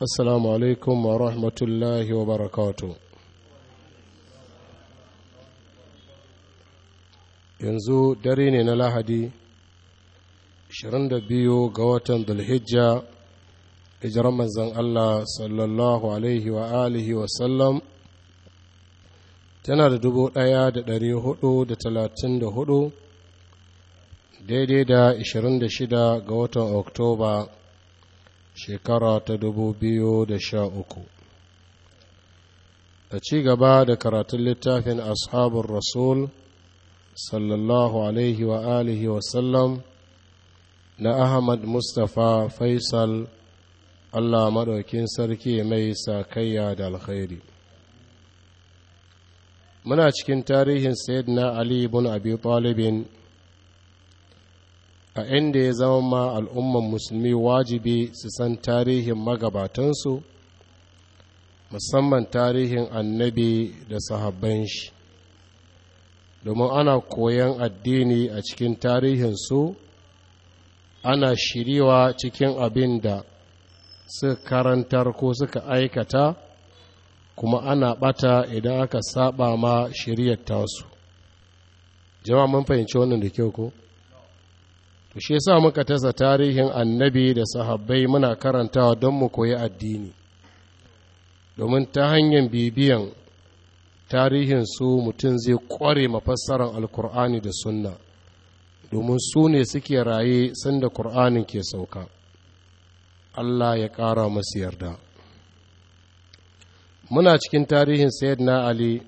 assalamu alaikum wa rahmatullahi wa barakatu yanzu dare ne na lahadi 22 ga watan dulhijja hijiran manzan Allah sallallahu alaihi wa alihi wa sallam tana da dubu ɗaya da ɗari hudu da talatin da hudu daidai da 26 ga watan oktoba shekara ta dubu biyu da sha uku a ci gaba da karatun littafin ashabun rasul sallallahu alaihi wa alihi wasallam na ahmad mustapha faisal allah maɗaukin sarki mai sakayya da alkhairi muna cikin tarihin na ali ibn abi talibin a inda ya zama ma al'umman musulmi wajibi su san tarihin magabatansu musamman tarihin annabi da sahabban shi domin ana koyan addini a cikin tarihinsu ana shiriwa cikin abin da suka karantar ko suka aikata kuma ana bata idan aka saba ma shiriyar tasu jama'a mun fahimci wannan da kyau ko? to shi yasa muka tasa tarihin annabi da sahabbai muna karantawa don mu koyi addini domin ta hanyar bibiyan tarihin su mutum zai kware mafassarar alkur'ani da sunna domin su ne suke raye da kur'anin ke sauka allah ya ƙara masu yarda muna cikin tarihin sayyidina ali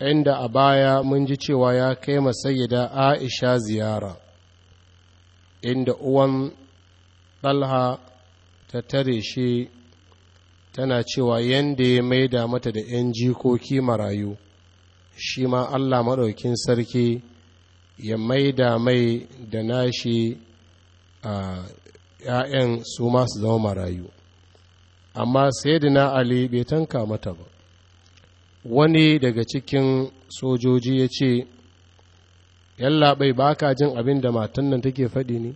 inda a baya mun ji cewa ya kai ma sayyida aisha ziyara inda uwan ɗalha ta tare shi tana cewa yadda ya maida mata da 'yan jikoki marayu shi ma allah maɗaukin sarki ya maida mai da nashi a 'ya'yan su masu zama marayu amma sai na ali bai tanka mata ba wani daga cikin sojoji ya ce yallaɓai ba ka jin abin da matan nan take faɗi ne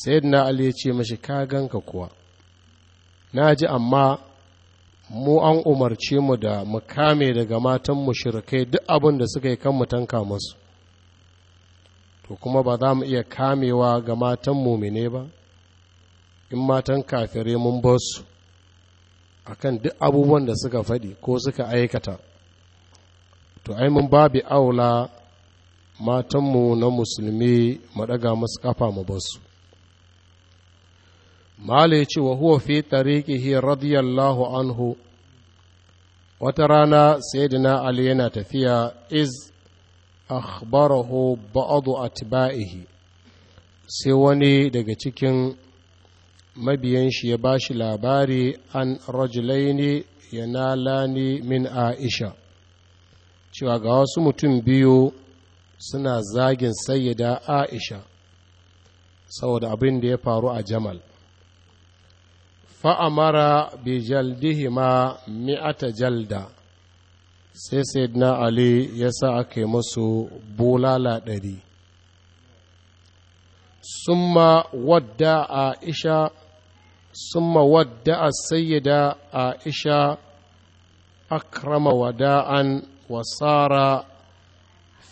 sayyidina ali ya ce mashi ka ganka kuwa na ji amma mu an umarce mu da mu kame daga matan mushrikai duk abin da suka yi kan mu tanka musu to kuma ba za mu iya kamewa ga matan mumine ba in matan kafirai mun ba su akan duk abubuwan da suka faɗi ko suka aikata to ai mun babi aula matanmu na musulmi maɗaga masu kafa mu basu mala ce wa huwa fi tariqihi radiyallahu anhu wata rana sayyidina ali yana tafiya iz akhbarahu ba'adu atba'ihi sai wani daga cikin mabiyan shi ya bashi labari an rajulaini yanalani min aisha cewa ga wasu mutum biyu suna zagin sayyida aisha saboda abin da ya faru a jamal fa'amara bi jaldihima mi'ata jalda sai sayyidina ali ya sa aka musu bulala ɗari summa wadda aisha summa wadda sayyida aisha akrama wada'an wasara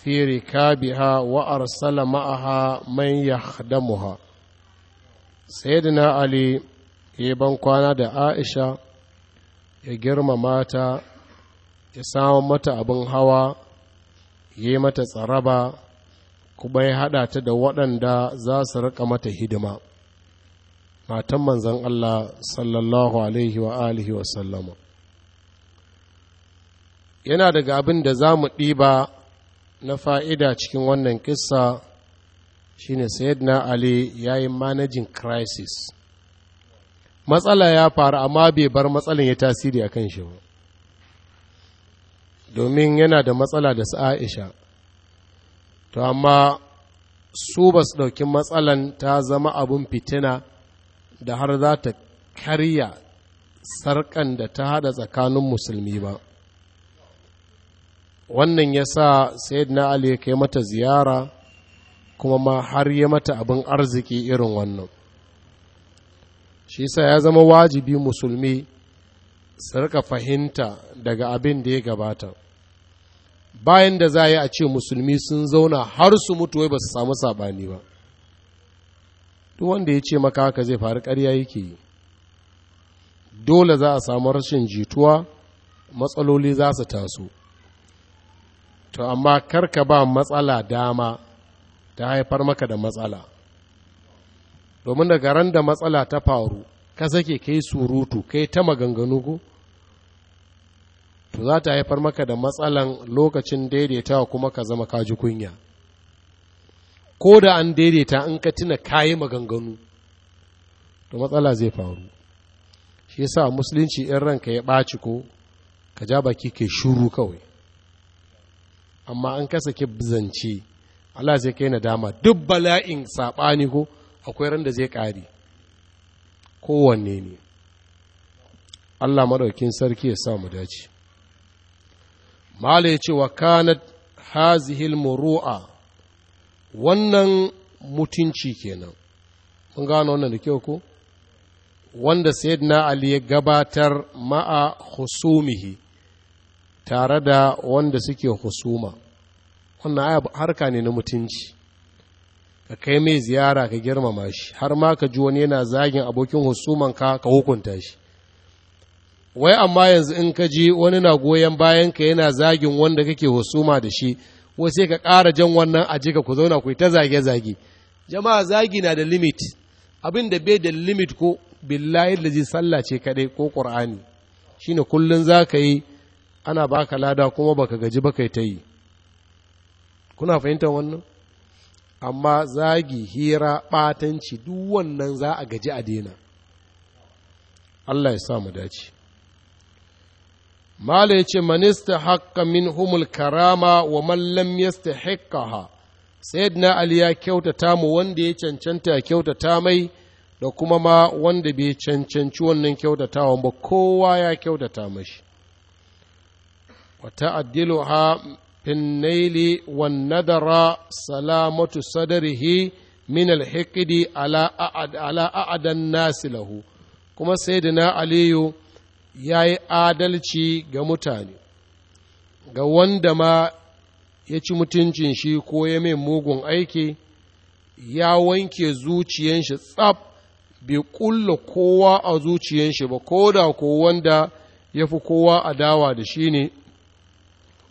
في ركابها وأرسل معها من يخدمها سيدنا علي يبن كوانا دا عائشة يجرم ماتا يساوم متا أبن هوا يمتا tsaraba kuma ya haɗa ta da waɗanda za su riƙa mata hidima matan manzan Allah sallallahu alaihi wa alihi wa sallama yana daga abin da za mu ɗiba na fa'ida cikin wannan kissa ne sayyidina ali ya yi managing crisis matsala ya faru amma bai bar matsalin ya tasiri a kan shi ba domin yana da matsala da sa'aisha to amma su ba su ɗauki matsalan ta zama abun fitina da har za ta karya sarkan da ta haɗa tsakanin musulmi ba wannan ya sa na ali ya kai mata ziyara kuma ma har ya mata abin arziki irin wannan shi sa ya zama wajibi musulmi su rika fahimta daga abin da ya gabata bayan da za a yi a ce musulmi sun zauna har su mutu wai ba su samu saɓani ba duk wanda ya ce maka haka zai faru ƙarya yake yi dole za a samu rashin jituwa matsaloli za su taso to amma karka ba matsala dama ta haifar maka da matsala domin daga ran da matsala ta faru ka sake kai surutu kai ta maganganu ku to za ta haifar maka da matsalan lokacin daidaitawa kuma ka zama kaji kunya ko da an daidaita in ka tuna kayi maganganu to matsala zai faru shi yasa musulunci in ranka ya ɓaci ko ka ja baki ka shuru kawai amma an kasa ki zance Allah zai kai dama duk bala'in saɓani ko akwai ran da zai ƙari kowanne ne Allah maɗaukin sarki ya sa mu dace mala ya ce wa kanat hazihil muru'a wannan mutunci kenan mun gano wannan da kyau ko wanda sayyidina ali ya gabatar ma'a husumihi tare da wanda suke husuma wannan harka ne na mutunci ka kai mai ziyara ka girmama shi har ma ka ji wani yana zagin abokin husuman ka ka hukunta shi wai amma yanzu in ka ji wani na goyon bayan ka yana zagin wanda kake husuma da shi wai sai ka ƙara jan wannan a jika ku zauna ku ta zage-zage jama'a zagi na da limit abin da bai da limit ko billahi da ji sallah ce kadai ko qur'ani shine kullun za ka yi ana baka lada kuma baka gaji baka ta yi kuna fahimtar wannan amma zagi hira batanci duk wannan za a gaji a daina Allah ya sa mu dace Mala ya ce, Manista haƙƙa min humul karama wa mallam yasta haƙƙaha, Sayyidina Ali ya kyautata mu wanda ya cancanta kyautata mai da kuma ma wanda bai cancanci wannan kyautatawan ba kowa ya kyautata mashi. وتعدلها في النيل والنذر سلامة صدره من الحقد على أعد على أعدى الناس له كما سيدنا علي yayi adalci ga mutane ga wanda ma ya ci mutuncin shi ko ya mai mugun aiki ya wanke zuciyan shi tsab bai ƙulla kowa a zuciyan shi ba ko da ko wanda ya fi kowa adawa da shi ne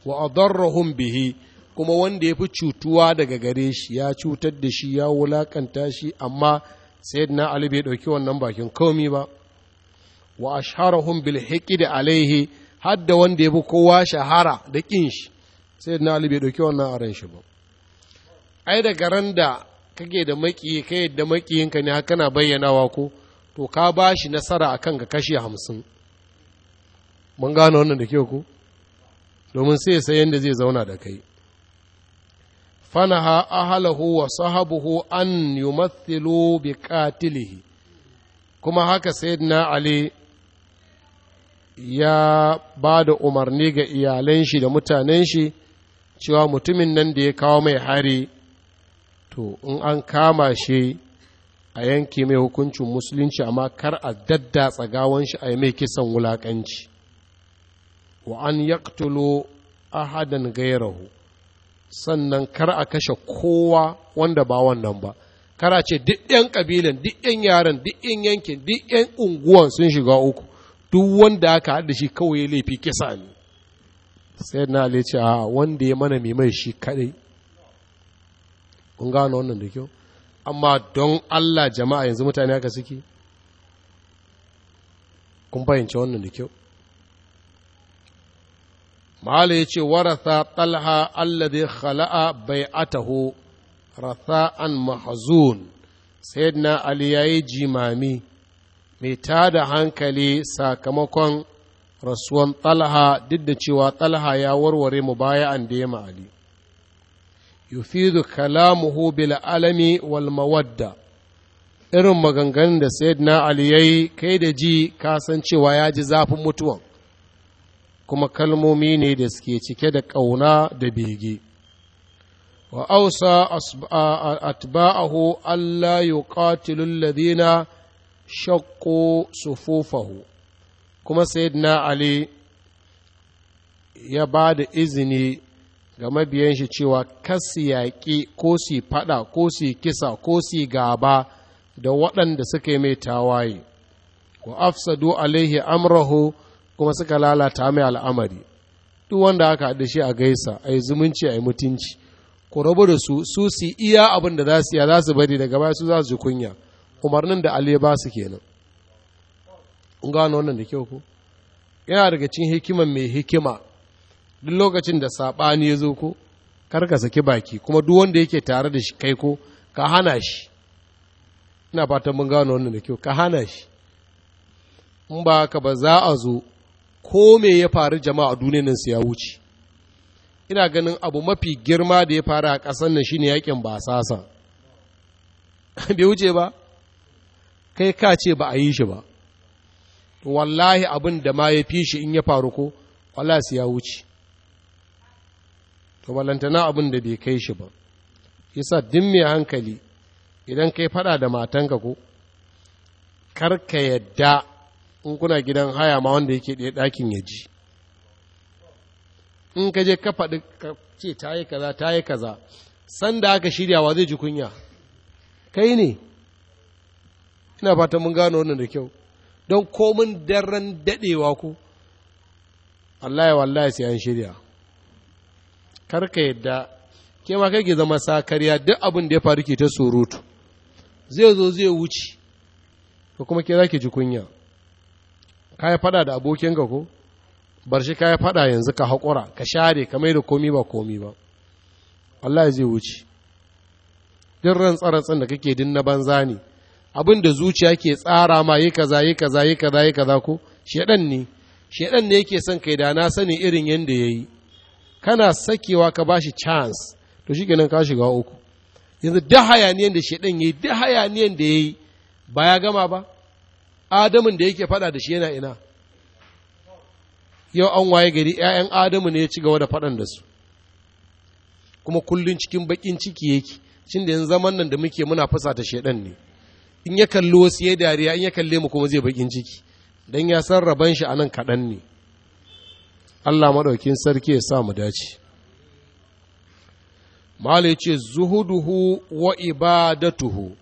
wa adarrahum bihi kuma wanda ya fi cutuwa daga gare shi ya cutar da shi ya wulakanta shi amma sayyidina ali bai ɗauki wannan bakin komi ba wa asharahum bil da alaihi hadda wanda ya fi kowa shahara da kin shi sayyidina ali bai ɗauki wannan aran shi ba ai daga ran da kake da maƙiyi kai da maƙiyinka ne kana bayyanawa ko to ka bashi nasara akan ka kashi hamsin mun gane wannan da kyau ko domin sai sai yadda zai zauna da kai fanaha ahalahu wa sahabuhu an yumathilu bi katilihi kuma haka sayyidina ali ya ba da umarni ga iyalan shi da mutanen shi cewa mutumin nan da ya kawo mai hari to in an kama shi a yanke mai hukuncin musulunci amma kar a daddatsa gawan shi a yi mai kisan wulakanci wa an a hadin gairahu sannan kar a kashe kowa wanda ba wannan ba kar a ce duk ɗan ƙabilan duk ɗan yaren duk ɗan yankin duk ɗan unguwan sun shiga uku duk wanda aka haɗa shi kawai laifi kisa ne sai na ya ce a wanda ya mana mai shi kadai kun gano wannan da kyau amma don Allah jama'a yanzu mutane aka suke kun fahimci wannan da kyau mahala ya ce waratha talha alladhi khala'a bai'atahu ratha'an mahzun sayyidina ali yayi jimami mai tada hankali sakamakon rasuwan talha duk da cewa talha ya warware mu an da ya Ali. yufidu kalamuhu bil alami wal mawadda irin maganganun da sayyidina ali yayi kai da ji kasancewa ya ji zafin mutuwan kuma kalmomi ne da suke cike da ƙauna da bege wa ausa atba'ahu Allah yuqatilu shakko su sufufahu kuma sayyidina ali ya ba da izini ga mabiyan shi cewa kasi yaƙi ko su fada ko su kisa ko su gaba da waɗanda suka yi mai tawaye wa afsadu alaihi amrahu kuma suka lalata mai al'amari duk wanda aka haɗe shi a gaisa a yi zumunci a yi mutunci ku rabu da su su su iya abin da za su iya za su bari daga baya su za su ji kunya umarnin da Ali ba su kenan in gano wannan da kyau ko yana daga cikin hikima mai hikima duk lokacin da saɓani ya zo ko kar ka saki baki kuma duk wanda yake tare da shi kai ko ka hana shi ina fatan mun gano wannan da kyau ka hana shi in ba ka ba za a zo ko me ya faru jama'a duniyan nan ya wuce ina ganin abu mafi girma da ya faru a ƙasar nan shine yakin basasa bai wuce ba kai ka ce ba a yi shi ba wallahi abin da ma ya fi shi in ya faru ko wallahi su ya wuce to balantana abin da bai kai shi ba yasa din mai hankali idan kai fada da matanka ko kar ka yadda in kuna gidan haya ma wanda yake ɗaya ɗakin ya ji in ka je ka faɗi ka ce ta yi kaza ta yi kaza sanda aka shirya wa zai ji kunya kai ne ina fata mun gano wannan da kyau don komin daren daɗewa ku wallahi wallahi sai an shirya karka yadda ke ma kai ke zama sakarya duk abin da ya faru ke ta surutu zai zo zai wuce ko kuma ke za ji kunya ka yi fada da abokinka ko bar shi ka yi fada yanzu ka haƙura ka share ka mai da komi ba komi ba Allah ya zai wuce duk rantsarantsan da kake din na banza ne abin da zuciya ke tsara ma yi kaza yi kaza yi kaza yi kaza ko shedan ne shedan ne yake son kai da na sani irin yanda yayi kana sakewa ka bashi chance to shikenan ka shiga uku yanzu da hayaniyan da shedan yayi da hayaniyan da yayi ba ya gama ba adamun da yake faɗa da shi yana ina yau an waye gari 'ya'yan adamu ne ya ci gaba da faɗan da su kuma kullum cikin baƙin ciki yake cin da yanzu zaman nan da muke muna fasa ta shedan ne in ya kalli wasu ya dariya in ya kalle mu kuma zai baƙin ciki don ya san raban shi a nan kaɗan ne allah maɗaukin sarki ya sa mu dace ya ce zuhuduhu wa ibadatuhu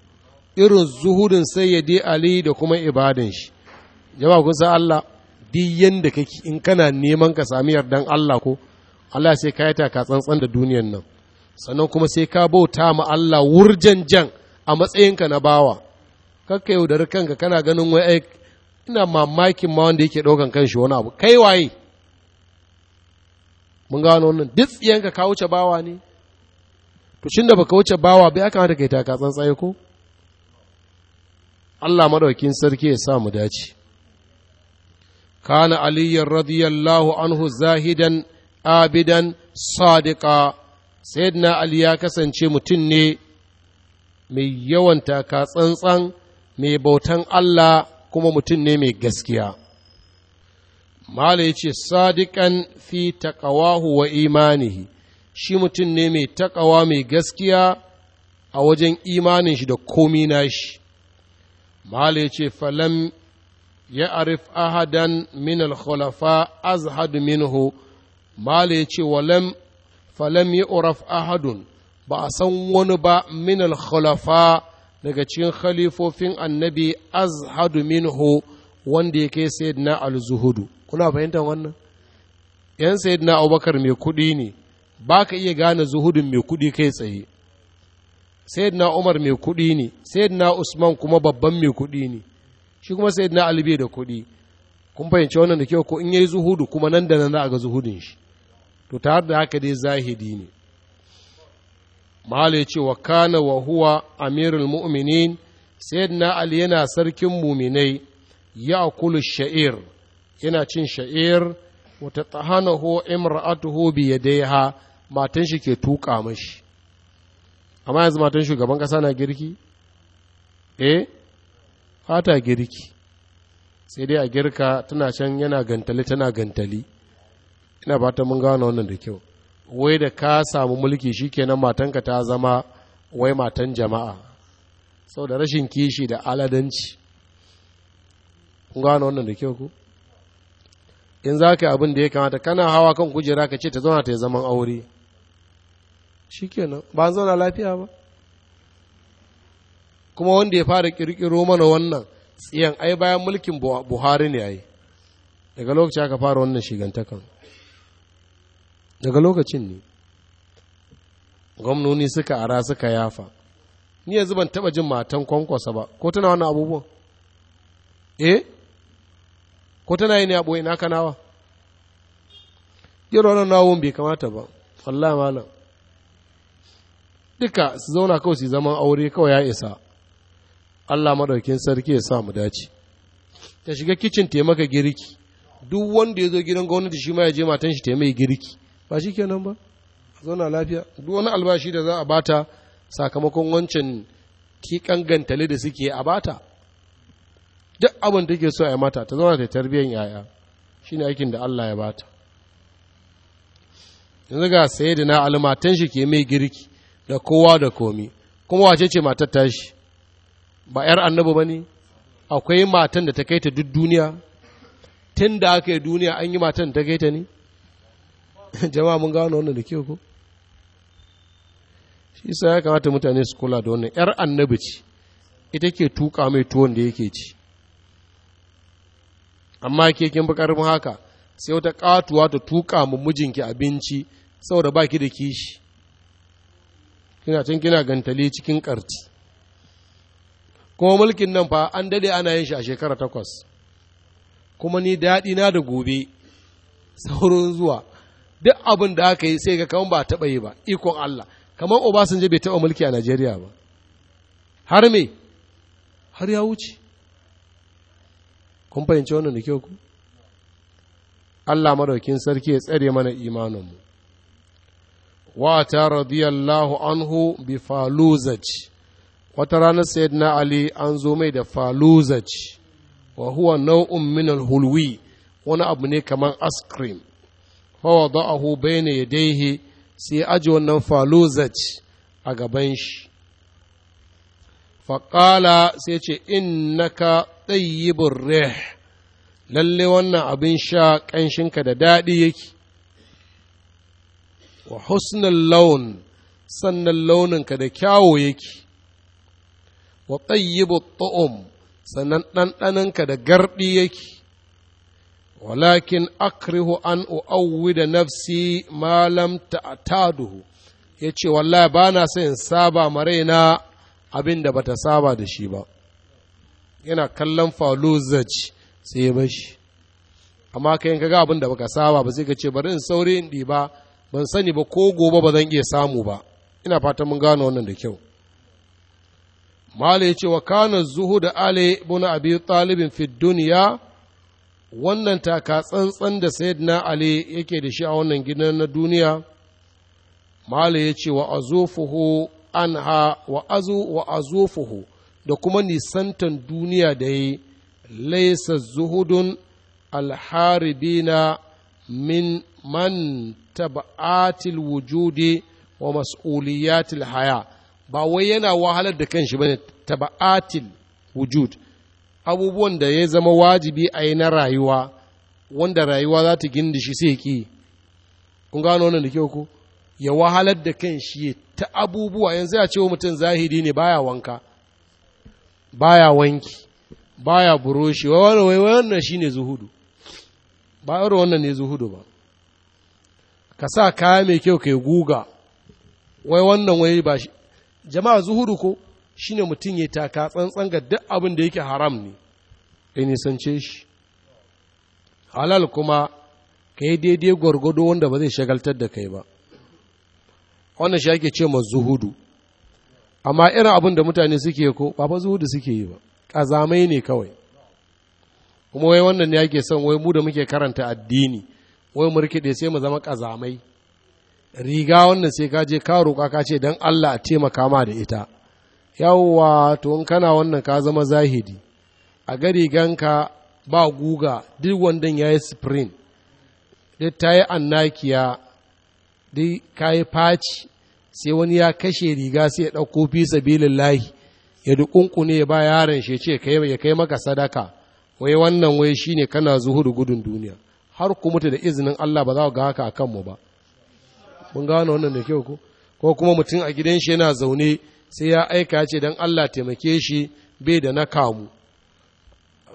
irin zuhudin sayyadi ali da kuma ibadan shi jama'a kun san Allah duk yanda kake in kana neman ka sami yardan Allah ko Allah sai ka yata ka tsantsan da duniyan nan sannan kuma sai ka bauta ma Allah wurjan jan a matsayinka na bawa kakka yaudari kanka kana ganin wai ina mamakin ma wanda yake daukan kanshi wani abu kai waye mun gano wannan duk tsiyanka ka wuce bawa ne to shin da baka wuce bawa bai aka mata kai taka tsantsaye ko Allah maɗaukin sarki ya sa mu dace kana aliyyar radiyallahu anhu zahidan abidan sadiqa sayyidina ali ya kasance mutum ne mai yawan taka tsantsan mai bautan Allah kuma mutum ne mai gaskiya mala ya ce sadiqan fi taqawahu wa imanihi shi mutum ne mai taƙawa mai gaskiya a wajen imanin shi da komi shi. Mahala ya ce falam ya arif ahadan min al-khulafa azhad minhu ce walam falam ya uraf ahadun ba a san wani ba min al daga cikin khalifofin annabi azhad minhu wanda yake sayyidina al-zuhudu kuna fahimtar wannan yan sayyidina abubakar mai kuɗi ne baka iya gane zuhudun mai kuɗi kai tsaye sayyidina umar mai kuɗi ne sayyidina usman kuma babban mai kuɗi ne shi kuma sayyidina ali bai da kuɗi kun fahimci wannan da kyau ko in yi zuhudu kuma nan da nan za a ga zuhudin shi to tare da haka dai zahidi ne mahala ya ce wa kana wa huwa amirul mu'minin sayyidina ali yana sarkin muminai ya kulu sha'ir yana cin sha'ir wata tahanahu imra'atuhu bi ha matan shi ke tuka mashi amma yanzu matan shugaban kasa na girki eh fata girki sai dai a girka tana can yana gantali tana gantali ina ba ta mun gano wannan da kyau wai da ka samu mulki shikenan matanka ta zama wai matan jama'a sau da rashin kishi da aladanci kun gano wannan da kyau ku in za ka abin da ya kamata kana hawa kan kujera ka ce ta zauna ta yi zaman aure shikenan ba zauna lafiya ba kuma wanda ya fara kirkiro mana wannan tsiyan ai bayan mulkin buhari ne ai daga lokaci aka fara wannan shigantakan daga lokacin ne gwamnoni suka ara suka yafa ni yanzu ban taba jin matan kwankwasa ba ko tana wannan abubuwan eh ko tana yi ne a ina kanawa irin wannan nawon bai kamata ba wallahi malam duka su zauna kawai su zama aure kawai ya isa Allah madaukin sarki ya sa mu dace ta shiga kicin taimaka girki duk wanda ya zo gidan gwamnati shi ma ya je matan shi taimai girki ba shi kenan ba zauna lafiya duk wani albashi da za a bata sakamakon wancan kikan gantale da suke a bata duk abin da take so a yi mata ta zauna ta tarbiyyar yaya shine aikin da Allah ya bata yanzu ga sayyidina almatan shi ke mai girki da kowa da komi kuma wace ce matar tashi ba 'yar annabu ba ne akwai matan da ta kai ta duk duniya tun da aka yi duniya an yi matan ta kai ta ne jama'a mun gano wannan da kyau ko shi sa ya kamata mutane su kula da wannan 'yar annabu ce ita ke tuka mai tuwon da yake ci amma ke kin fi haka sai wata katuwa ta tuka mu mijinki abinci saboda baki da kishi kina can kina gantali cikin ƙarti kuma mulkin nan fa an dade ana yin shi a shekara takwas kuma ni daɗi na da gobe saurin zuwa duk abin da aka yi sai ga kaman ba taɓa yi ba ikon Allah kamar Obasanjo bai taɓa mulki a Najeriya ba har me har ya wuce kun fahimci wannan da kyau ku Allah madaukin sarki ya tsare mana imaninmu wata radiyallahu anhu bi faluzaj wata ranar sayyidina ali an zo mai da faluzaj wa huwa nau'un min hulwi wani abu ne kamar askrim fawa da'ahu bayna yadayhi sai aji wannan faluzaj a gaban shi faƙala sai ce innaka tsayyibin reh lalle wannan abin sha ƙanshinka da daɗi yake wa husnul laun sannan launin ka da kyawo yake wa tayyibu tu'um sannan ɗanɗaninka da garɗi yake walakin akrihu an u'awwi da nafsi malam ta'taduhu ya ce wallahi ba na son saba ma raina abin da bata saba da shi ba yana kallon faluzaj sai ya bashi amma ka ga kaga abin da baka saba ba sai ka ce bari in sauri in ɗiba ban sani ba ko gobe ba zan iya samu ba ina fatan mun gano wannan da kyau mala ya ce wa kana zuhu da ali ibn abi talibin fi duniya wannan taka tsantsan da sayyidina ali yake da shi a wannan gidan na duniya mala ya ce wa azufuhu anha wa azu wa azufuhu da kuma nisantan duniya da yi laisa zuhudun alharibina min man tab'atil wujudi wa mas'uliyatil haya ba wai yana wahalar da kanshi bane tab'atil wujud abubuwan da ya zama wajibi a yi na rayuwa wanda rayuwa za ta shi sai ki kun gano wannan da kyau ko ya wahalar da kanshi ta abubuwa yanzu ya ce wa mutum zahiri ne baya wanka baya wanki baya buroshi wai wannan shine zuhudu ba irin wannan ne zuhudu ba ka sa kaya mai kyau kai guga wai wannan wai ba shi jama'a zuhuru ko shi ne mutum ya taka tsantsan ga duk abin da yake haram ne ya nisance shi halal kuma ka yi daidai gwargwado wanda ba zai shagaltar da kai ba wannan shi ake ce ma zuhudu amma irin abin da mutane suke ko ba fa zuhudu suke yi ba ƙazamai ne kawai kuma wai wannan ne ake son wai mu da muke karanta addini wai mu rikide sai mu zama kazamai riga wannan sai ka je ka roƙa ka ce dan Allah a taimaka ma da ita yawwa to in kana wannan ka zama zahidi a ga ka ba guga duk wandan yayi yi spring duk ta yi annakiya duk ka yi faci sai wani ya kashe riga sai ya ɗauko fi sabilin ya dukunkune ya ba yaron shi ce ya kai maka sadaka wai wannan wai shine kana zuhudu gudun duniya har ku mutu da izinin Allah ba za ku ga haka a kanmu ba mun gano wannan da kyau ko ko kuma mutum a gidan shi yana zaune sai ya aika ce don Allah taimake shi bai da na kamu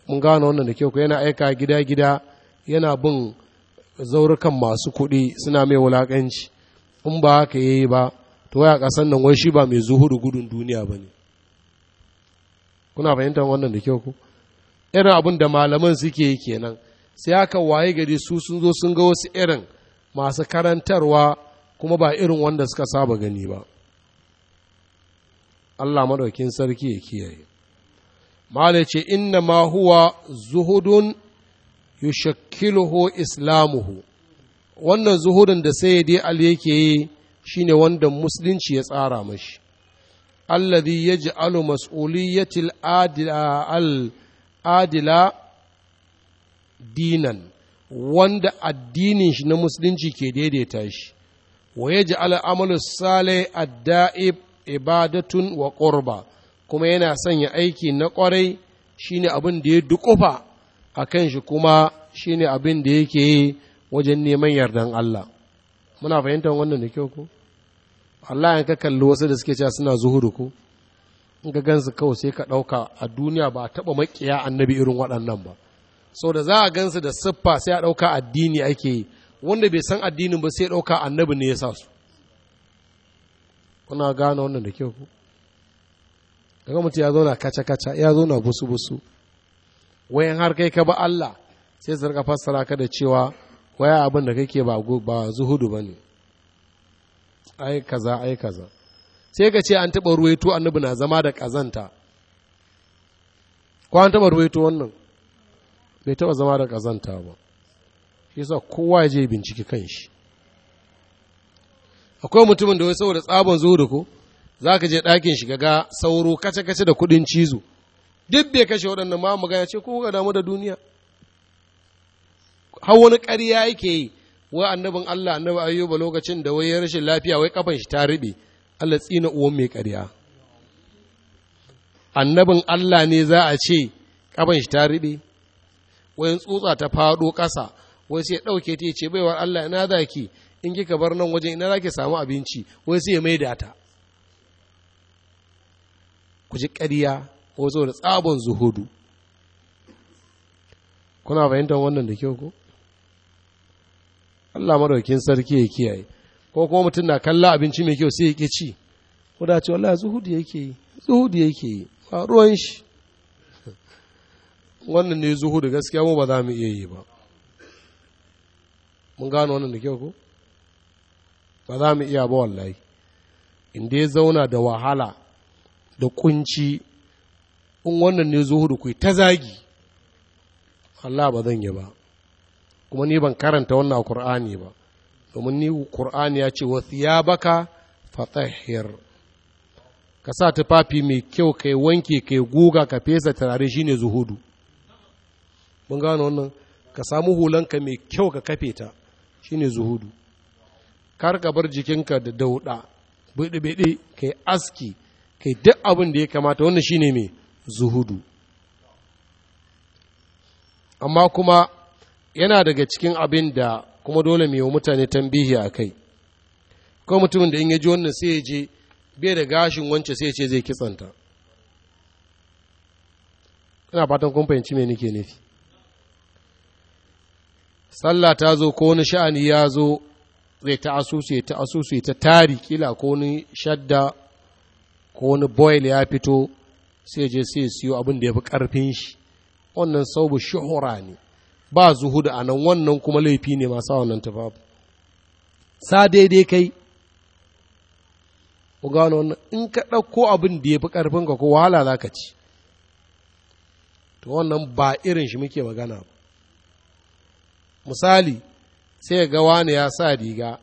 mun gano wannan da kyau ko yana aika gida gida yana bin zaurukan masu kuɗi suna mai wulakanci in ba haka yi ba to ya ƙasan nan wai shi ba mai zuhuru gudun duniya ba ne kuna fahimtar wannan da kyau ko irin abin da malaman suke yi kenan sai aka waye gari su sun zo sun ga wasu irin masu karantarwa kuma ba irin wanda suka saba gani ba Allah maɗaukin sarki ya kiyaye malai ce inna ma huwa zuhudun yushakkiluhu islamuhu wannan zuhudun da sai dai ali yake yi shine wanda musulunci ya tsara mashi alladhi yaj'alu mas'uliyatil adila al adila dinan wanda addinin shi na musulunci ke daidaita shi wa ya ji al'amalu sale adda'ib ibadatun wa ƙorba kuma yana sanya aiki na ƙwarai shine abin da ya dukufa a kan shi kuma shine abin da yake yi wajen neman yardan Allah muna fahimtar wannan da kyau ko Allah ka kalli wasu da suke cewa suna zuhuru ko in ka gansu kawai sai ka ɗauka a duniya ba a taɓa maƙiya annabi irin waɗannan ba so da za a gansu da siffa sai a ɗauka addini ake yi wanda bai san addinin ba sai ɗauka annabi ne ya sa su kuna gane wannan da kyau ku daga mutu ya zauna kaca-kaca ya zauna busu-busu wayan har kai ka ba Allah sai su rika fassara ka da cewa waya abin da kake ba ba zuhudu ba ne ai kaza ai kaza sai ka ce an taɓa ruwaito annabi na zama da ƙazanta ko an taɓa ruwaito wannan bai taba zama da kazanta ba shi yasa kowa ya je binciki kan shi akwai mutumin da wai saboda tsabon da ko za ka je ɗakin shi ga sauro kace-kace da kuɗin cizo duk bai kashe waɗannan ma magana ce ko ga damu da duniya har wani ƙarya yake yi wai annabin Allah annabi ayyuba lokacin da wai ya rashin lafiya wai kafan shi ta rube Allah tsina uwan mai ƙarya annabin Allah ne za a ce kafan shi ta rube wayan tsutsa ta faɗo ƙasa wai sai ya ɗauke ta ce baiwar Allah ina za ki in kika bar nan wajen ina za ki samu abinci wai sai ya maida ta ku ji ƙarya ko zo da tsabon zuhudu kuna fahimtar wannan da kyau ko Allah madaukin sarki ya kiyaye ko kuma mutum na kalla abinci mai kyau sai ya ƙi ci ko da ce wallahi zuhudu yake yi zuhudu yake yi ruwan shi wannan ne zuhudu gaskiya mu ba za mu iya yi ba mun gano wannan da kyau ko ba za mu iya ba wallahi inda ya zauna da wahala da kunci in wannan ne zuhudu ku ta zagi Allah ba zan yi ba kuma ni ban karanta wannan Qur'ani ba domin ni Qur'ani ya ce wasu ya baka fatahir ka sa tufafi mai kyau kai wanke kai guga ka fesa turare shine zuhudu mun gano wannan ka samu hulanka mai kyau ka kafe ta shine zuhudu kar ka bar jikinka da dauda bidi kai aski kai duk abin da ya kamata wannan shine mai zuhudu amma kuma yana daga cikin abin da kuma dole mai mutane tambihi a kai ko mutumin da in ya ji wannan sai ya je bai da gashin wance sai ya ce zai kitsanta ina fatan kun fahimci me nake nufi tsalla ta zo ko wani sha'ani ya zo zai ta asusu ta asusu ta tari kila ko wani shadda ko wani boil ya fito sai je sai siyo abin da ya fi ƙarfin shi wannan saubu shuhura ne ba zuhudu a nan wannan kuma laifi ne masu wannan tafafu sa daidai kai ku gano wannan in ka ɗauko abin da ya fi karfin ka ko wahala za ka ci to wannan ba irin shi muke magana ba misali sai ga wani ya sa riga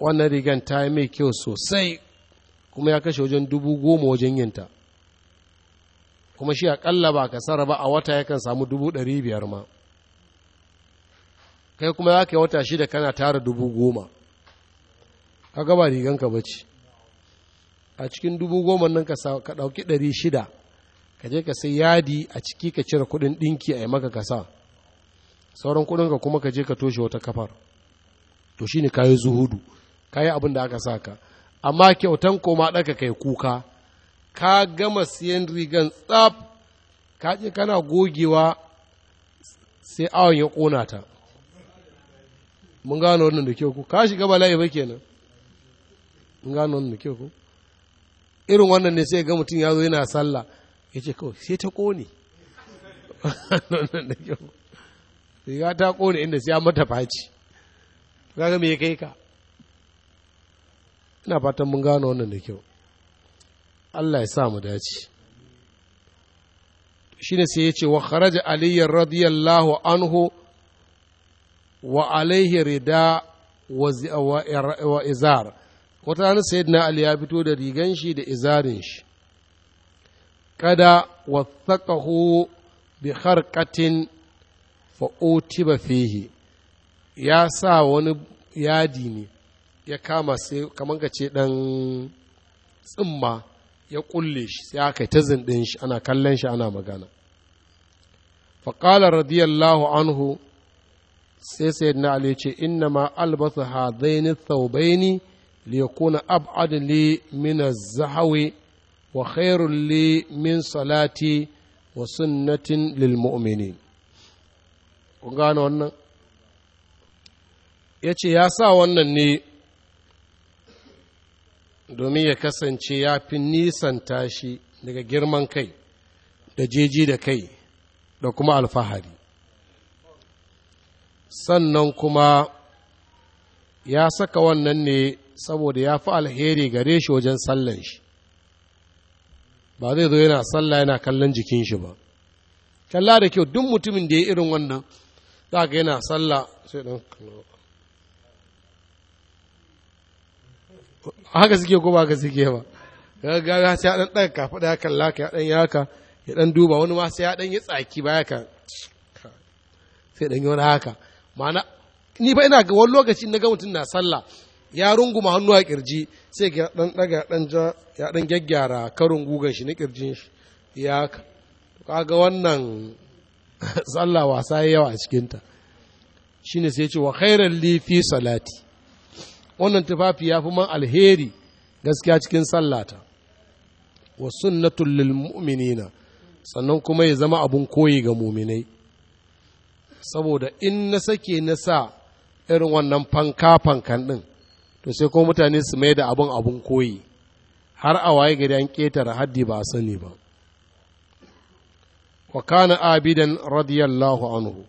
wannan rigan ta yi mai kyau sosai kuma ya kashe wajen dubu goma wajen yinta kuma shi akalla ba ka sarra ba a wata yakan samu dubu ɗari biyar ma kai kuma ya yi wata shida kana tara dubu goma ka gaba rigan ba ce a cikin dubu goma nan ka ɗauki ɗari shida ka je ka sai yadi a ciki ka cire kuɗin ɗinki a yi maka kasa sauran kudinka kuma ka je ka toshe wata kafar to shine kayi zuhudu kayi abin da aka saka amma kyautan koma ɗaga kai kuka ka gama siyan rigan tsaf ka je kana gogewa sai awon ya ƙona ta mun gano wannan da kyau ku ka shiga bala'i ba kenan mun gano wannan da kyau ku irin wannan ne sai ga mutum ya zo yana sallah ya ce kawai sai ta ƙone wannan da kyau riga ta kone inda sai mata faci kaga me kai ka ina fatan mun gano wannan da kyau Allah ya sa mu dace shine sai yace wa kharaja ali radiyallahu anhu wa alaihi rida wa izar wata rana sayyidina ali ya fito da rigan shi da izarin shi kada wathaqahu bi harkatin. fa fihi ya sa wani yadi ne ya kama sai kamar ka ce dan tsimma ya kulle shi sai aka ta zindin shi ana kallon shi ana magana faƙala radiyallahu anhu sai sayyidina ali ce inna ma albasa hadaini thawbaini li yakuna ab'ad li min az-zahawi wa khairun li min salati wa sunnatin lil mu'minin kun gane wannan ya ce ya sa wannan ne domin ya kasance ya fi nisanta shi daga girman kai da jeji da kai da kuma alfahari sannan kuma ya saka wannan ne saboda ya fi alheri gare shi wajen sallan shi ba zai zo yana sallah yana kallon jikin shi ba kalla da kyau duk mutumin da ya irin wannan za ga yana sallah sai ɗan haka suke ko ba ka suke ba ya ga sai ya ɗan ɗaga kafa ya kan laka ya ɗan yaka ya ɗan duba wani ma sai ya ɗan yi tsaki ya ka sai ɗan yi wani haka ma'ana ni ba ina ga wani lokaci na gamutun na sallah ya runguma hannu a kirji sai ya ɗaga daga dan ja ya ɗan gyaggyara karin gugan shi na kirjin shi ya ga wannan sallah wasa ya yawa a cikinta shine sai ce wa khairar lifi salati wannan tufafi ya fi man alheri gaskiya cikin sallata wa sunnatul lil mu'minina sannan kuma ya zama abun koyi ga muminai saboda in na sake na sa irin wannan fanka fankan din to sai ko mutane su mai da abun abun koyi har a waye gari an ƙetare haddi ba a sani ba Wakana abidan radiyallahu anhu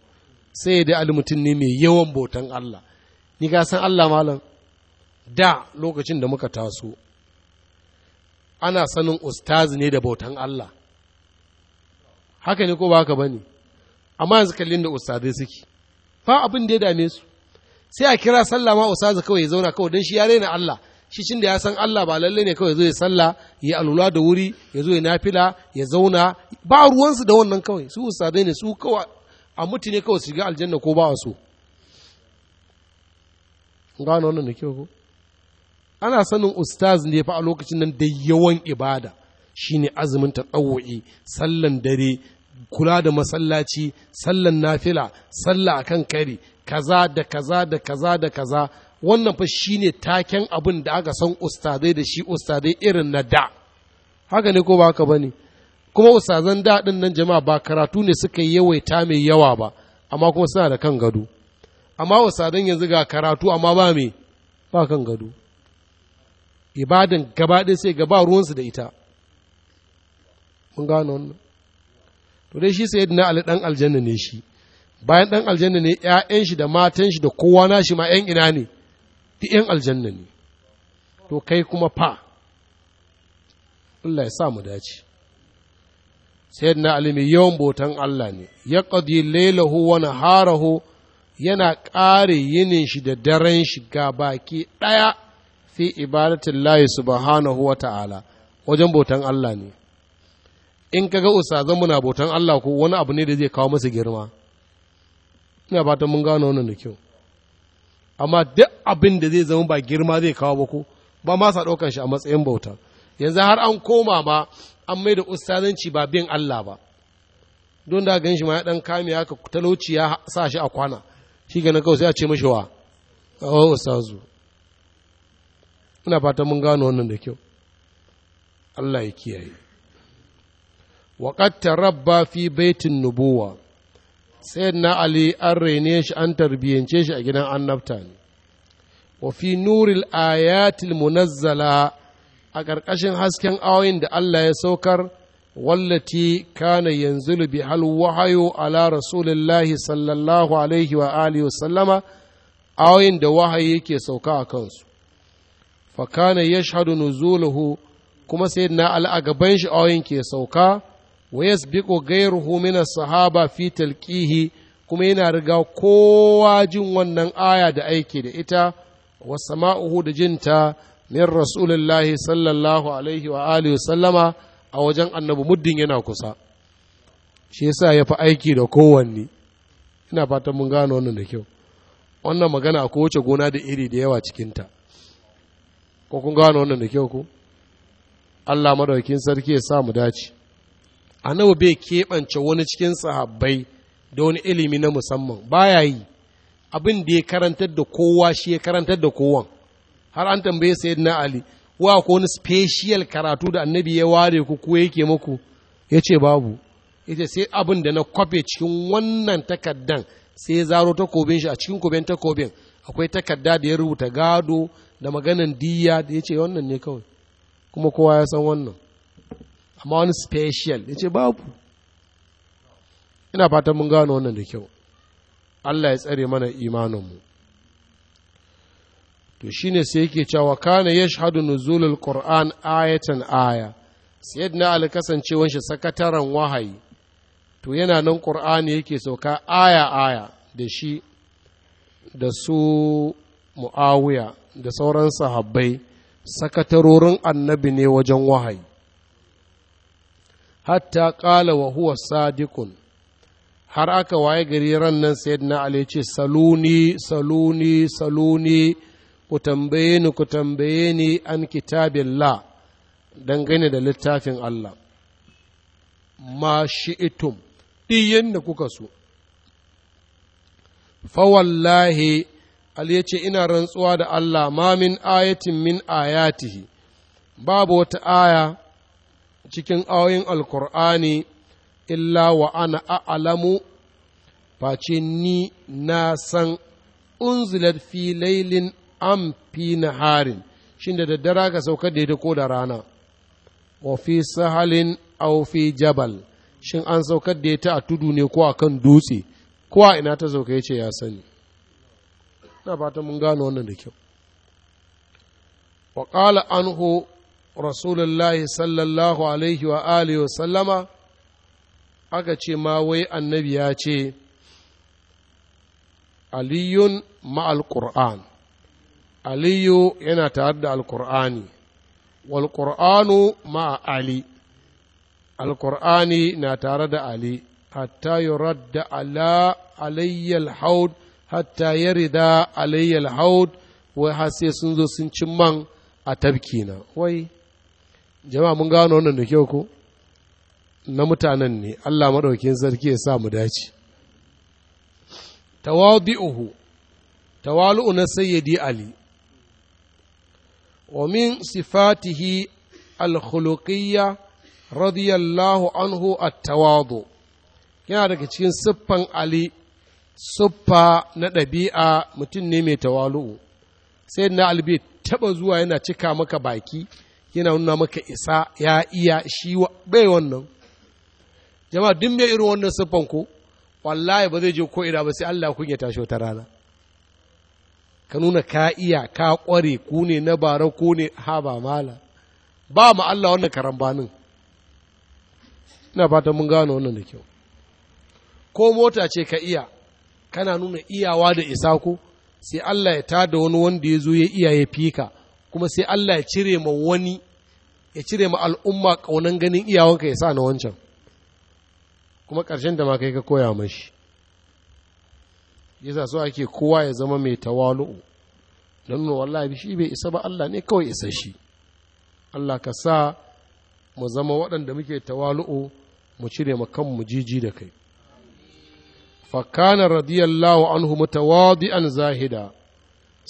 sai da almutum ne mai yawan botan Allah ni ga san Allah malam da lokacin da muka taso ana sanin ustazi ne da botan Allah haka ne ko ba haka bane amma yanzu kallin da ustazai suke fa abin da ya dame su sai a kira sallama ustaz kawai ya zauna kawai don shi ya raina Allah shi cin da ya san Allah ba lalle ne kawai zo ya sallah ya alula da wuri ya zo ya nafila ya zauna ba ruwansu da wannan kawai su ustadai ne su kawai a mutu ne kawai su shiga aljanna ko ba su gano wannan da kyau ko ana sanin ustaz ne fa a lokacin nan da yawan ibada shine azumin ta tatawwi sallan dare kula da masallaci sallan nafila sallah akan kari kaza da kaza da kaza da kaza wannan fa shi ne taken abin da aka san ustazai da shi ustazai irin na da haka ne ko ba haka bane kuma ustazan da nan jama'a ba karatu ne suka yawaita mai yawa ba amma kuma suna da kan gado amma ustazan yanzu ga karatu amma ba me ba kan gado ibadin gaba ɗaya sai gaba ruwansu da ita mun gano wannan to dai shi sai na ali dan aljanna ne shi bayan dan aljanna ne ƴaƴan shi da matan shi da kowa na shi ma ƴan ina ne duk ‘yan aljanna ne to kai kuma fa Allah ya sa mu dace sai na alimi yawan botan Allah ne ya ƙadi lailahu wani haraho yana ƙare yinin shi da daren shi ga baki ɗaya fi ibadatin layi subhanahu wa ta'ala wajen botan Allah ne in kaga usazan muna botan Allah ko wani abu ne da zai kawo masa girma ina fatan mun gano wannan da kyau amma duk abin da zai zama ba girma zai kawo ba ko ba ma sa ɗaukan shi a matsayin bauta yanzu har an koma ba an mai da ustazanci ba bin Allah ba don da gan shi ma ya ɗan kame haka talauci ya sa shi a kwana shi ganin kawai sai a ce mashi wa a oh, ustazu ina fata mun gano wannan da kyau Allah ya kiyaye وقد تربى fi baitin nubuwa. na ali an raine shi an tarbiyyance shi a gidan annabta ne wa fi nuril ayatil munazzala a ƙarƙashin hasken ayoyin da Allah ya saukar wallati kana yanzu bi hal wahayo ala rasulillahi sallallahu alaihi wa alihi sallama ayoyin da wahayi yake sauka a kansu fa kana yashhadu nuzulahu kuma na ali a gaban shi ayoyin ke sauka wa yasbiqu ghayruhu min as-sahaba fi talqihi kuma yana riga kowa jin wannan aya da aiki da ita wa sama'uhu da jinta min rasulullahi sallallahu alaihi wa alihi sallama a wajen annabi muddin yana kusa shi yasa ya fa aiki da kowanne ina fatan mun gano wannan da kyau wannan magana ko kowace gona da iri da yawa cikinta ko kun gano wannan da kyau ko Allah madaukin sarki ya sa mu dace A nawa bai keɓance wani cikin sahabbai da wani ilimi na musamman baya yi abin da ya karantar da kowa shi ya karantar da kowan har an tambaye na ali wa ko wani special karatu da annabi ya ware ku ko yake muku ya ce babu ya ce sai abin da na kwafe cikin wannan takardan sai ya zaro takobin shi a cikin koben takobin akwai takarda da ya rubuta gado da maganan diya da ya ce wannan ne kawai kuma kowa ya san wannan amma wani special ya ce babu ina fatan mun gano wannan da kyau Allah ya tsare mana imaninmu to shine sai yake cewa kana yashhadu nuzulul qur'an ayatan aya yadda na kasancewan shi sakataren wahayi to yana nan qur'ani yake sauka aya aya da shi da su muawiya da sauran sahabbai sakatarorin annabi ne wajen wahayi hatta ƙala wa huwa sadikun har aka waye gari ran nan sayyidina ali ce saluni saluni saluni ku tambaye ni ku tambaye ni an kitabillah dangane da littafin Allah ma shi'itum ɗiyan da kuka so fawallahi Ali ya ce ina rantsuwa da Allah ma min ayatin min ayatihi babu wata aya cikin ayoyin alkur'ani illa wa ana a'lamu face ni na san unzilat fi laylin am fi naharin shin da daddara ka sauka daidai ko da rana wa fi sahalin aw fi jabal shin an saukar da yata a tudu ne ko a kan dutse ko a ina ta sauka yace ya sani na fata mun gano wannan da kyau wa qala رسول sallallahu alaihi wa عليه wa وسلم aka ce ma wai annabi ya ce aliyun ma'al aliyu yana tare da alqur'ani wal qur'anu ma'a ali alqur'ani na tare da ali hatta yuradda ala alayyal haud hatta yarida alayyal haud wai har sun zo sun cin man a tabkina wai jama'a mun gano wannan da kyau ko na mutanen ne Allah maɗaukin sarki ya sa mu dace tawadi'uhu tawalu'u na sayyidi ali wa min sifatihi al-khuluqiyya radiyallahu anhu at-tawadu yana daga cikin siffan ali siffa na ɗabi'a mutum ne mai tawalu'u sai na albi taɓa zuwa yana cika maka baki yana nuna maka isa ya iya shi bai wannan jama'a duk mai irin wannan siffan ko wallahi ba zai je ko ina ba sai Allah kun ya tashi wata rana ka nuna ka iya ka kware ku ne na bara ku ne ha ba mala ba mu Allah wannan karambanin ina fata mun gano wannan da kyau ko mota ce ka iya kana nuna iyawa da isa ko sai Allah ya tada wani wanda ya zo ya iya ya fika kuma sai Allah ya cire ma wani ya cire ma al'umma ƙaunan ganin iyawanka ya sa na wancan kuma ƙarshen da ma kai ka koya mashi yasa so ake kowa ya zama mai tawalu'u don nuna wallahi shi bai isa ba Allah ne kawai isa shi Allah ka sa mu zama waɗanda muke tawalu'u mu cire ma kanmu jiji da kai fakana radiyallahu anhu mutawadi'an zahida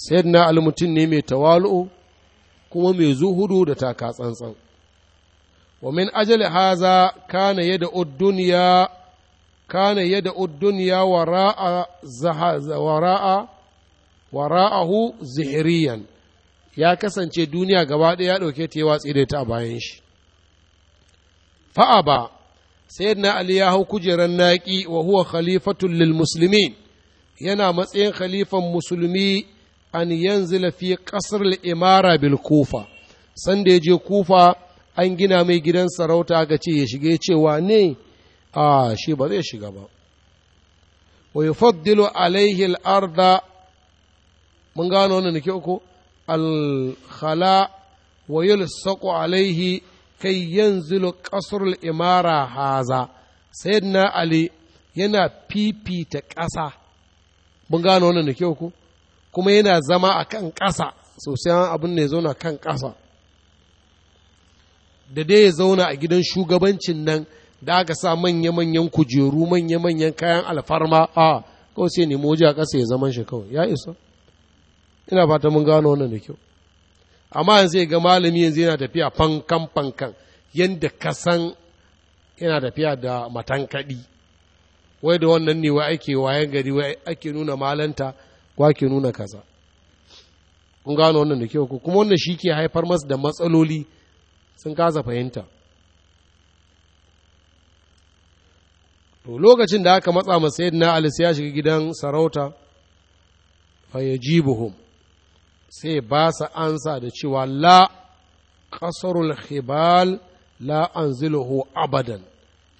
sayyidina na mutum ne mai tawalu'u kuma mai zuhudu da taka tsantsan wa min ajali haza kana yada duniya kana yada duniya wara'a wara'a wara'ahu zihiriyan ya kasance duniya gaba ɗaya ya ɗauke ta yi watsi da ta a bayan shi Fa'aba, ba sai na ali ya hau kujerar naki, wa huwa khalifatul lil muslimin yana matsayin khalifan musulmi an yanzila fi ƙasar imara bil kufa sanda ya je kufa an gina mai gidan sarauta ga ce ya shige cewa ne a shi ba zai shiga ba wa faddilo alaihi al-arda mun gano wannan nake uku al wa yi lissako alaihi kai yanzilu ƙasar imara haza sayyidina ali yana fifita ƙasa mun gano wannan nake uku kuma yana zama a kan ƙasa sosai abin da ya zauna kan ƙasa da dai ya zauna a gidan shugabancin nan da aka sa manya-manyan kujeru manya-manyan kayan alfarma a kawai sai nemo waje a ƙasa ya zaman shi kawai ya isa ina fata mun gano wannan da kyau amma yanzu ya ga malami yanzu yana tafiya fankan fankan yadda ka san yana tafiya da matankaɗi wai da wannan ne wai ake wayan gari wai ake nuna malanta kwake nuna kaza kun gano wannan da kyau kuma wannan shi ke haifar masu da matsaloli sun kaza fahimta to lokacin da aka matsa masa yadda na sai ya shiga gidan sarauta fayajibuhum sai ba sa ansa da cewa la kasarul khibal la anziluhu abadan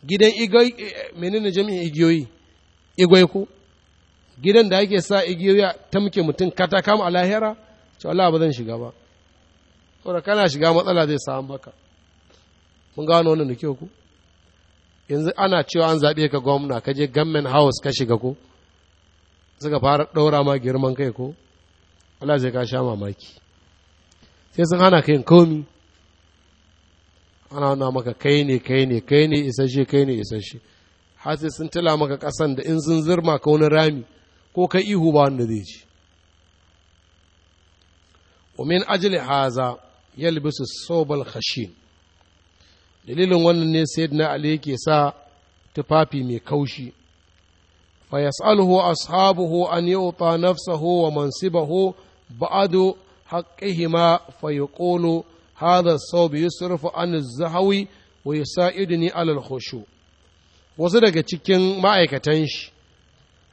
gidan eh, menene jami'in igiyoyi igwai ku? gidan da ake sa igiyoyi ta muke mutum kata kama a lahira to Allah ba zan shiga ba saboda kana shiga matsala zai samu baka mun gano wannan da kyau ku yanzu ana cewa an zaɓe ka gwamna ka je government house ka shiga ko suka fara ɗaura ma girman kai ko Allah zai ka sha mamaki sai sun hana ka yin komi ana wana maka kai ne kai ne kai ne isasshe kai ne isasshe har sai sun tila maka ƙasan da in sun zirma ka wani rami ko kai ihu ba wanda zai ji ومن أجل هذا يلبس الصوب الخشين dalilin wannan ne sayyidina ali yake sa tufafi mai kaushi fa yas'aluhu ashabuhu an yu'ta nafsahu wa mansibahu ba'du haqqihima fa yaqulu hadha as-sawb yusrifu an az-zahawi wa yusa'iduni ala al-khushu wasu daga cikin ma'aikatan shi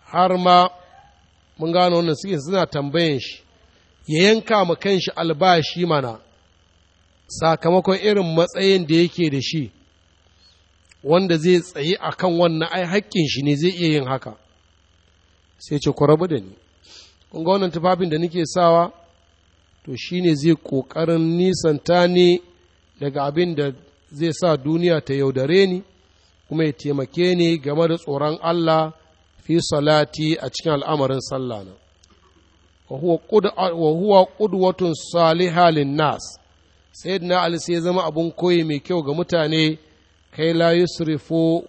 har ma mun gano wannan suke suna tambayan shi ya yanka ma kanshi albashi mana sakamakon irin matsayin da yake da shi wanda zai tsaye a kan wannan ai haƙƙin shi ne zai iya yin haka sai ce ku rabu da ni kun ga wannan tufafin da nake sawa to shi ne zai ƙoƙarin nisanta ne daga abin da zai sa duniya ta yaudare ni kuma ya taimake ni game da tsoron Allah fi salati a cikin al'amarin sallah na wa huwa qudwatun saliha lin nas sayyidina ali sai zama abin koyi mai kyau ga mutane kai la yusrifu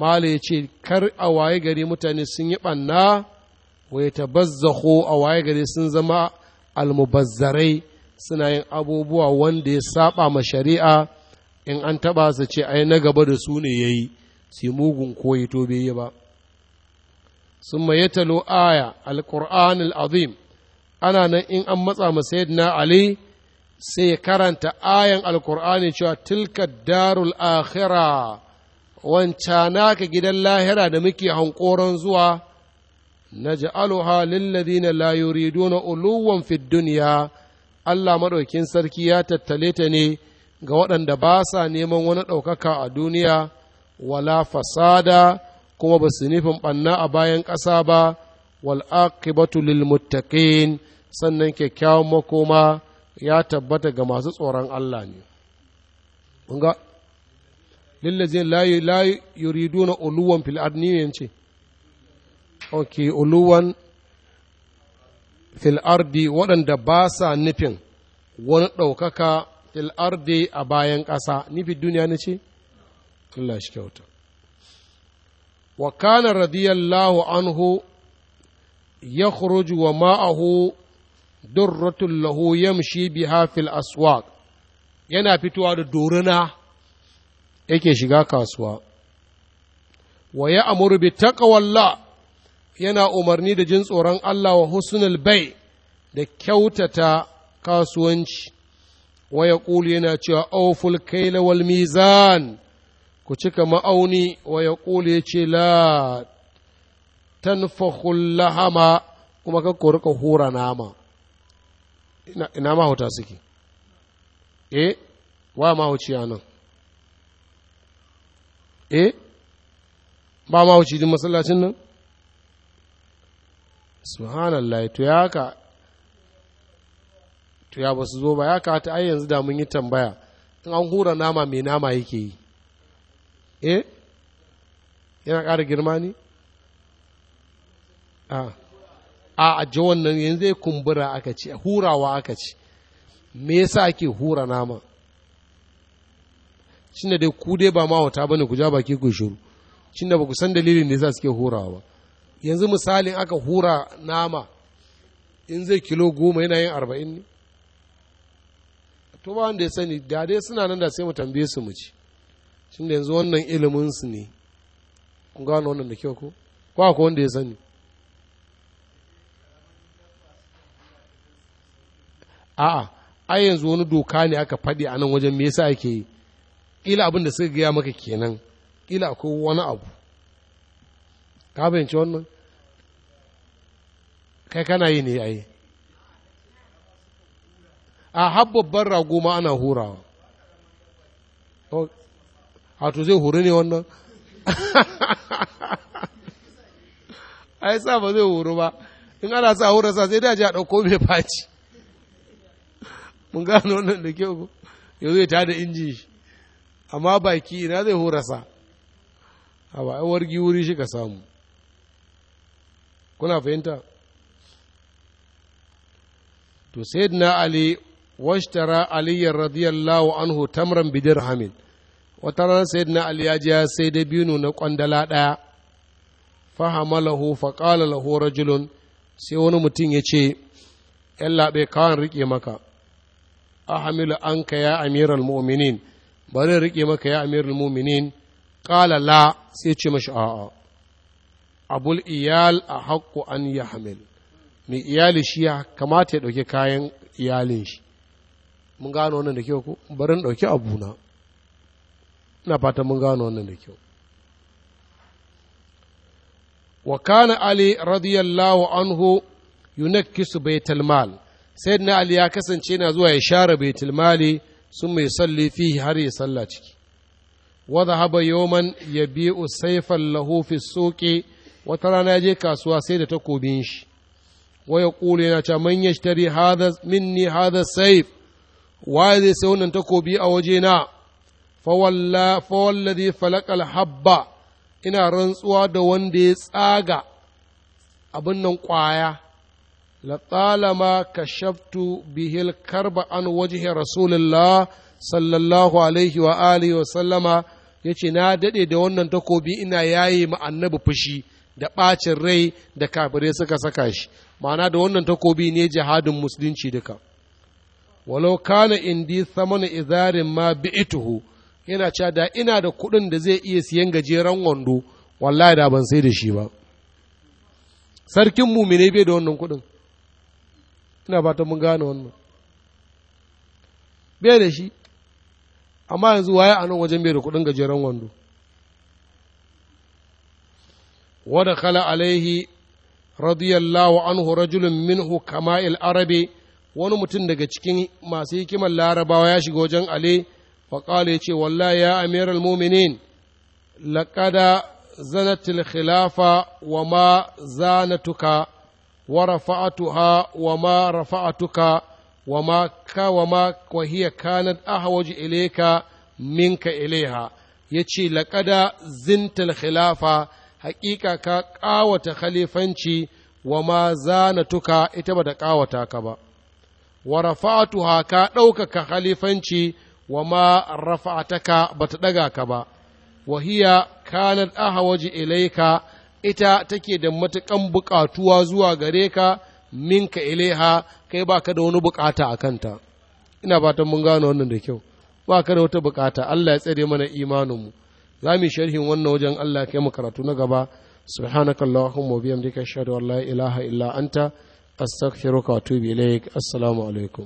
mala ya ce kar a waye gari mutane sun yi ɓanna wa ya tabazzaho a waye gari sun zama almubazzarai suna yin abubuwa wanda ya saba ma shari'a in an taɓa su ce ai na gaba da su ne yayi su mugun koyi to bai yi ba sun yatalo aya alƙur'an al'azim ana nan in an matsa masa na ali sai karanta ayan alƙur'ani cewa tilka darul akhira wancana ka gidan lahira da muke hankoron zuwa naj'aluha lilladhina la yuriduna uluwan fid Allah madaukin sarki ya tattale ta ne ga waɗanda ba sa neman wani ɗaukaka a duniya wala fasada kuma ba su nufin ɓanna a bayan ƙasa ba wal’aƙibatu lilmuttaƙin sannan kyakkyawan makoma ya tabbata ga masu tsoron Allah ne kun zai layi layi yuri duna uluwan ne ce uluwan filardi waɗanda ba sa nufin wani ɗaukaka filardi a bayan ƙasa nufin duniya ne ce Allah shi kyauta wa radiyallahu anhu ya wa ma'ahu durratun yamshi biha fil aswaq yana fitowa da doruna yake shiga kasuwa wa ya amuru bi yana umarni da jin tsoron Allah wa husnul bai da kyautata kasuwanci wa ya yana cewa awful kaila wal mizan ku cika ma'auni wa ya ƙule ya ce la tanfahul lahama kuma ka ku rika hura nama ina mahauta suke e wa mahuci a nan e ba mahuci din masallacin nan subhanallah to ya ka. to ya ba su zo ba ya ka ta ai yanzu da mun yi tambaya in an hura nama mai nama yake yi eh yana ƙara girma ne a ah. ah, a ji wannan yanzu zai kumbura aka ce hurawa aka ce me yasa ake hura nama shin da dai ku dai ba mawata bane ku ja baki ku shiru shin da ba ku san dalilin da yasa suke hurawa ba yanzu misalin aka hura nama in zai kilo goma yana yin arba'in ne to ba wanda ya sani da dai suna nan da sai mu tambaye su mu ci shin da yanzu wannan iliminsu ne kun gano wannan da kyau ko ko akwai wanda ya sani a'a ai yanzu wani doka ne aka faɗi a nan wajen me yasa ake yi ƙila abin da suka gaya maka kenan ƙila akwai wani abu ka fahimci wannan kai kana yi ne yi a har babban rago ma ana hurawa a to zai hori ne wannan yi sa ba zai horo ba in ana sa horo sa sai daji a ɗauko mai faci mun gano wannan da kyau yau zai tada inji amma baki ina zai horasa a ba wargi wuri shi ka samu kuna fahimta to sayyidina ali washtara aliyar radiyallahu anhu tamran bidirhamin wata rana na ali ya sai da binu na kwandala ɗaya fahamalahu faqala lahu rajulun sai wani mutum ya ce yalla bai kawan rike maka ahamilu anka ya amiral mu'minin bari rike maka ya amiral mu'minin qala la sai ce mashi a'a abul iyal a haƙƙo an ya hamil mai iyali shi ya kamata ya ɗauki kayan iyalin shi mun gano wannan da kyau ku barin ɗauki abuna ina fata mun gano wannan da kyau wa kana ali radiyallahu anhu yunakkisu baitul mal sayyidina ali ya kasance yana zuwa ya share baitul mali sun mai salli fihi har ya salla ciki wa dhahaba yawman yabi'u sayfan lahu fi suqi wata rana ya je kasuwa sai da takobin shi wa yaqulu yana cewa man yashtari hadha minni hadha sayf wa zai sai wannan takobi a waje na fawallazi falakal habba ina rantsuwa da wanda ya tsaga abin nan ƙwaya ka shaftu bihil karba an wajihi rasulullah sallallahu alaihi wa alihi wa sallama ya ce na daɗe da wannan takobi ina yayi ma annabi fushi da ɓacin rai da kafirai suka saka shi ma'ana da wannan takobi ne jihadin musulunci duka walau kana indi samana izarin ma bi'ituhu yana cewa da ina da kuɗin da zai iya siyan gajeren wando wallahi da ban sai da shi ba sarkin mu ne bai da wannan kuɗin ina ba ta mun gane wannan bai da shi amma yanzu waye a nan wajen bai da kuɗin gajeren wando wada khala alaihi radiyallahu anhu rajulun minhu kama'il Arabe, wani mutum daga cikin masu hikimar larabawa ya shiga wajen ali faƙali ya ce wallahi ya amir al-muminin laƙada zanatil khilafa wa ma zanatuka wa rafa'atuha wa ma rafa'atuka wa ma ka wa ma wa hiya kanat ahwaju ilayka minka ilaiha yace laqada zintal khilafa haƙiƙa ka ƙawata khalifanci wa ma zanatuka ita ba da ƙawata ka ba wa tuha, ka ɗaukaka khalifanci wa ma rafa'ataka bata daga ka ba wa hiya kanat ahawaji ilaika ita take da matukan bukatuwa zuwa gare ka minka ilaiha kai baka da wani bukata a kanta ina fatan mun gano wannan da kyau baka da wata bukata Allah ya tsare mana imaninmu za mu sharhin wannan wajen Allah kai mu karatu na gaba سبحانك اللهم وبحمدك اشهد ان لا اله الا انت استغفرك واتوب اليك السلام عليكم